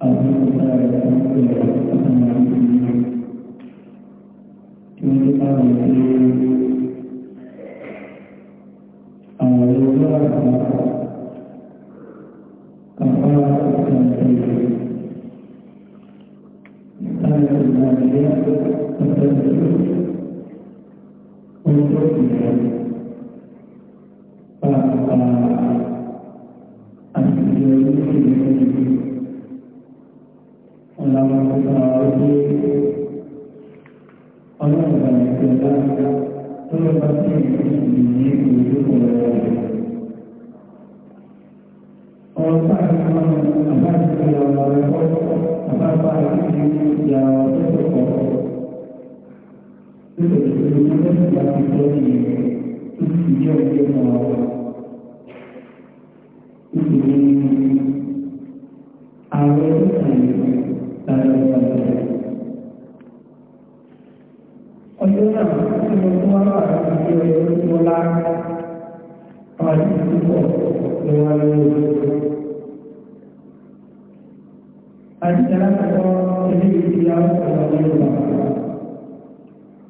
Amen. 把你所以自己要接到，自己安慰自己，大家都要对。我觉得这么多了，就有多啦，把你做另外一个。而且呢，很多这些医疗什么的。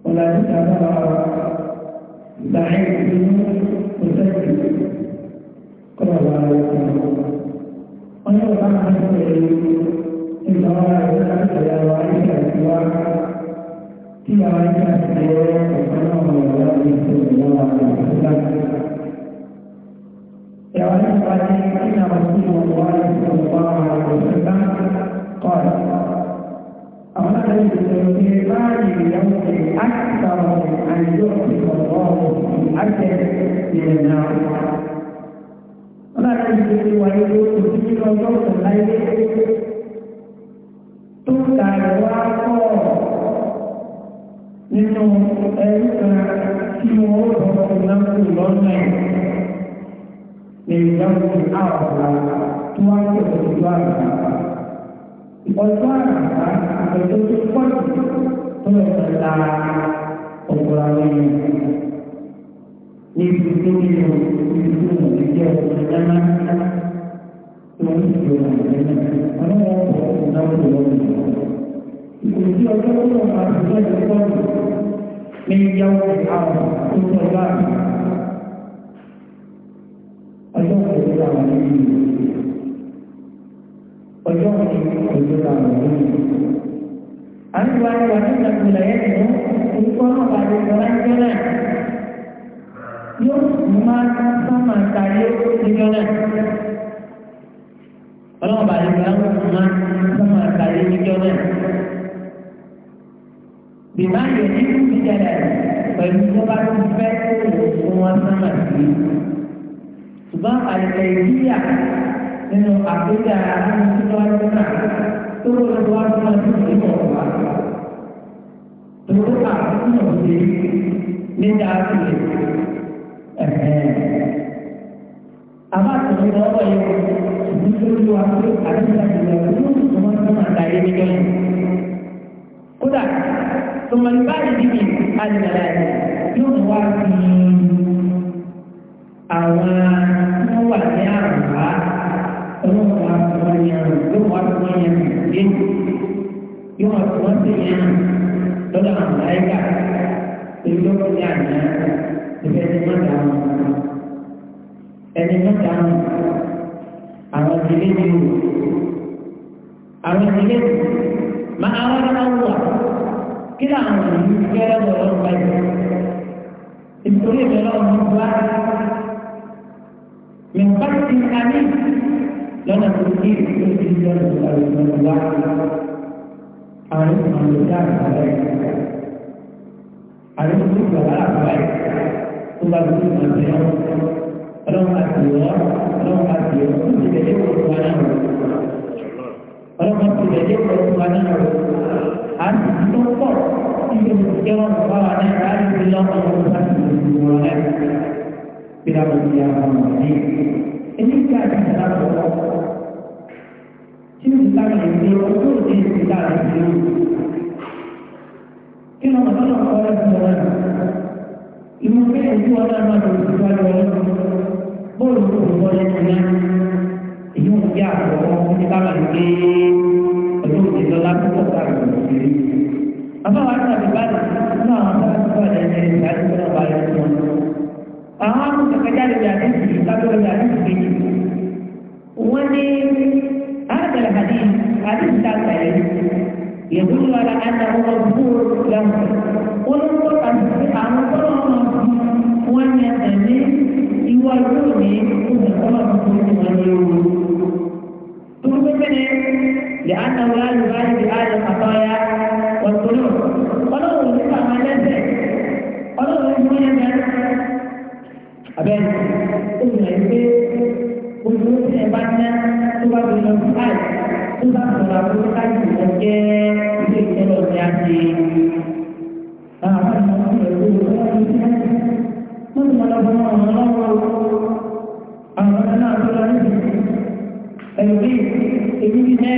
ولا تتابع لحيك منه وتكتب قرى الله يكون الله أنا أعلم أنه إن الله يتعلم يا وعيك أسواك في وعيك أسواك وقناه الله يسلم الله عليه يا وعيك أسواك إن رسول الله صلى الله عليه وسلم قال أما ليس الإيمان يمضي أكثر من أن يعطي الله في أجل من النار ولكن ويقول كثير يوم الليل تبقى الواقع nínú ẹ̀rí kan tí wọ́n ó sọ fún náà lọ́nà lè dáhùn àwọn tó wá pẹ̀lú ìjọ àgbà. วันนี้เป็นตัวที่ควรต้องสนใจองค์การนี้นี่คือตัวที่ที่ตัวที่จะสนใจนะตัวที่จะสนใจนะเพราะว่าผมทำตัวนี้คือที่เราต้องมาพิจารณาต้องไม่ยอมให้เขาตัวใหญ่ไอ้ตัวใหญ่ที่ Pagyong ni, tujuh tahun ini. Ang wali-wali sa wilayah nyo, ito ang mabagong karanjana. Yung makasama tayo sa na. Ano ang mabagong karanjana? Makasama tayo sa inyo na. Di ba yun yung bicara? Pagin ko ba ang respeto sa mga sama? Sebab ada kaya nínú àgbéga àdúgbò náà tó lọ wá fún ọdún yìí kọ̀ wá. Tòwó àdúgbò òde ní dáàbìlì ẹ̀ẹ́. Àbá àtúntò lọ́wọ́ yẹn nítorí wa pé àdúgbò àdúgbò yóò tó wọ́n tó máa dàrí níjọ́ yìí. Kódà, tòmọ̀lì báyìí ní àdìgbà yang mungkin cuma kuantinya telah mereka itu kenyanya sebagai macam sebagai macam awal diri itu awal diri ma'awal Allah kita amal kita ada orang baik itu dia adalah orang buat yang pasti kami dalam berkir kesimpulan dari Allah harus menunjukkan baik harus menunjukkan baik Tuhan itu menjadi orang Allah orang Allah itu menjadi perempuan orang Allah menjadi perempuan harus ditutup tidak menunjukkan bahawa ini dari Allah yang menunjukkan tidak menunjukkan tidak menunjukkan eléyìí àti ìdájọ́ tí ìdájọ́ ìdí fún ọ̀rẹ́ ní ìlú ìdí àkọ́kọ́ àwọn kàkàjáde bí àdéhùn ìgbàgbọ́ bí àdéhùn kejì wọ́n ní àgbẹ̀rẹ̀ àdé àdéhùn dàgbà yẹn yẹ̀wọ́n wà lá àdá wọn bú lọ́wọ́ olóńgbò àti àwọn kọ́lọ́mọ wọn ní ẹ̀sẹ̀ ní ìwọ yóò ní ìwọ kọ́lọ́mọ tó ti wọn ní ewu. Tukun fene lẹ́hàtà wọn á lù wáyé bí á lè kàtọ́ ya wọ́n tó lò. Ọlọ́run ní kàmá lẹ́sẹ̀. bẹ́ẹ̀ ọ̀rọ̀ àti ìfọ̀rọ̀ àti ẹ̀yìn ìta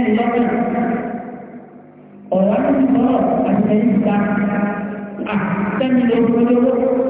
àtẹ́mi lọ́wọ́ lọ́wọ́.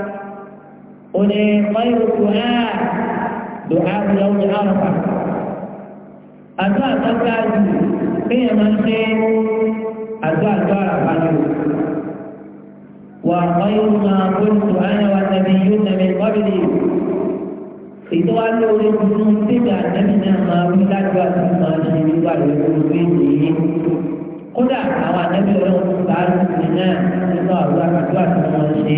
oni khairu du'a du'a yawm arafah àdúà àtọ́ka jù kéèyàn máa ń ṣe àdúà àtọ́ àràfà ni wà khairu ma qultu ana wa nabiyyuna min qabli ìtọ́ wa lóore tuntun síbi àtẹ́bí náà máa wí lájú àti máa ṣe wíwà lórí olùgbé yìí kódà àwọn àtẹ́bí ọlọ́run tó bá lù náà nínú àwọn àdúà àti máa ṣe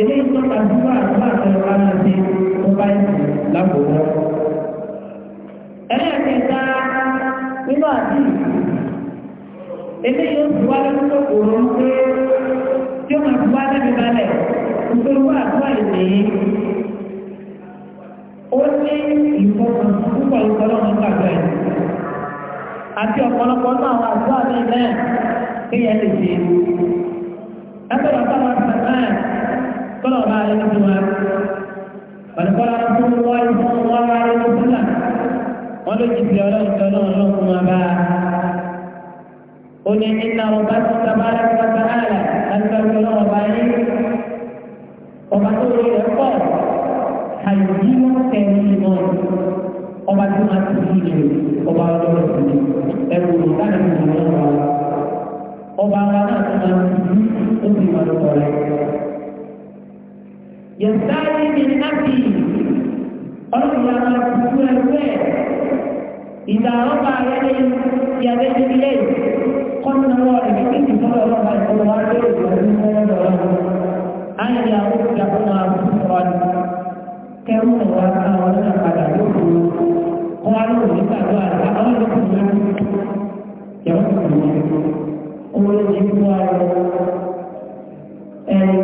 ilé tó tàbíwá àgbà àtẹ̀wá náà ti tó bá ìsìn lábòó. ẹlẹ́ẹ̀kẹta nínú àti ilé yóò ti wá lọ́wọ́ tó kòrò ń pé tí ó máa fi wá lẹ́bi balẹ̀ nítorí wá àgbà ìdè ó ní ìfọkàn púpọ̀ ìfọlọ́ ní gbàgbọ́ ẹ̀ àti ọ̀pọ̀lọpọ̀ náà àwọn àgbà mi náà kéèyàn lè ṣe. ẹgbẹ́ ìwà táwọn àgbà náà صلى الله عليه وسلم قد قال رسول الله صلى الله عليه وسلم ولجد يا رب اللهم بارك قل إن ربك تبارك وتعالى أنت الكلام بعيد ومسؤول الإخبار حيجيب كريم ọba tí wọn ti fi lè ọba ọlọ́rọ̀ sí ni ẹrù ìdáná ìdáná ọba wa náà tó máa ń fi ó sì máa ń sọ rẹ yẹ̀sáyé ní láti ọlọ́pàá máa tutù ẹgbẹ́ ìgbà ọba ayẹyẹ ìyàgbẹ́ ìdílé kọ́ńtàwọ́ rẹ̀ ní kí ìfọ́lọ́ ọlọ́pàá ìfọ́lọ́ wá lé ìgbàlú mọ́lọ́ ayẹyẹ àwọn ìjà fún wa fún wa ní kẹrù ọ̀wá káwọn ọlọ́pàá padà yóò fún wọn wá lóòrùn nígbà tó àgbà ọlọ́pàá yóò yàwó fún wọn òun ló ti fún wa lọ ẹ̀rọ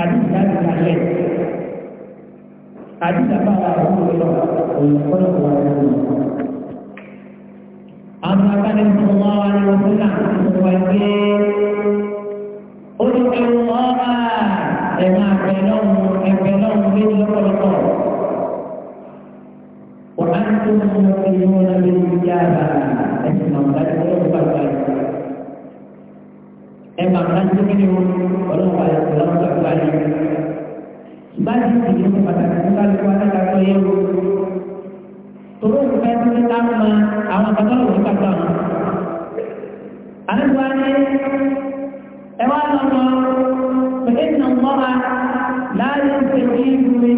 àdìsá ti ta yẹ àdìsá bá wà lóko lọ òyìnbó lọ wà lóko lọ. àwọn abáni tó wá wà ní ọdún náà tó wà gbé olùkẹ́wò ọ̀rá ẹ̀wọ̀n àgbẹ̀lọ́wọ̀ ẹ̀gbẹ̀lọ́wọ̀ méjì lọ́pọ̀lọpọ̀. وأنتم مؤمنون بالإجابة اسمع ذلك ẹ máa ká sí kí ni o ọlọ́pàá yẹ kó lọ́wọ́ tó wáyé. Báyìí ti di fún pàtàkì fún kálukú alágbàtọ́ yẹ o. Tòró ìfẹ́ tó ti ká mọ àwọn kàtọ́ òwò kàtọ́ àwọn. Àlejò ayé ẹ wá lọ lọ pẹ̀lú ìnà mọ́ra láàyè ń tẹ̀lé ìlú mi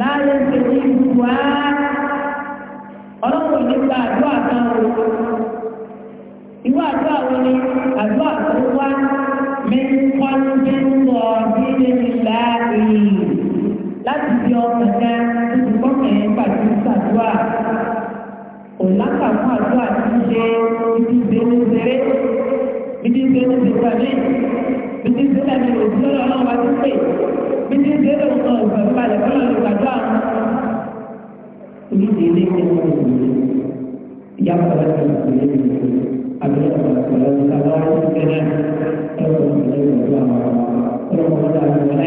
láàyè ń tẹ̀lé ìlú wa. Ọlọ́pàá ìdígbà àdúrà kan o. ọjà ìdúgbọ́kẹ̀ nígbà tí ń ṣàdúrà òlákà fún àdúrà tí ń ṣe ibi ìbéèrè ìbéèrè ibi ìbéèrè ìbéèrè ibi ìbéèrè ìbéèrè òṣìṣẹ́ ọlọ́run wá sí pé ibi ìbéèrè ọ̀sán ìgbàlẹ̀ fọlọ́ ìgbàdúrà onídìílé ní ọ̀rọ̀ ìyá bàbá tó ń pè é àbí ọ̀pọ̀lọpọ̀ ìgbàlọ́ ìgbẹ́rẹ́ ẹ̀rọ ìgbàlọ́ ìgbàlọ́ àwọn ọ̀rọ̀ ọ̀rọ̀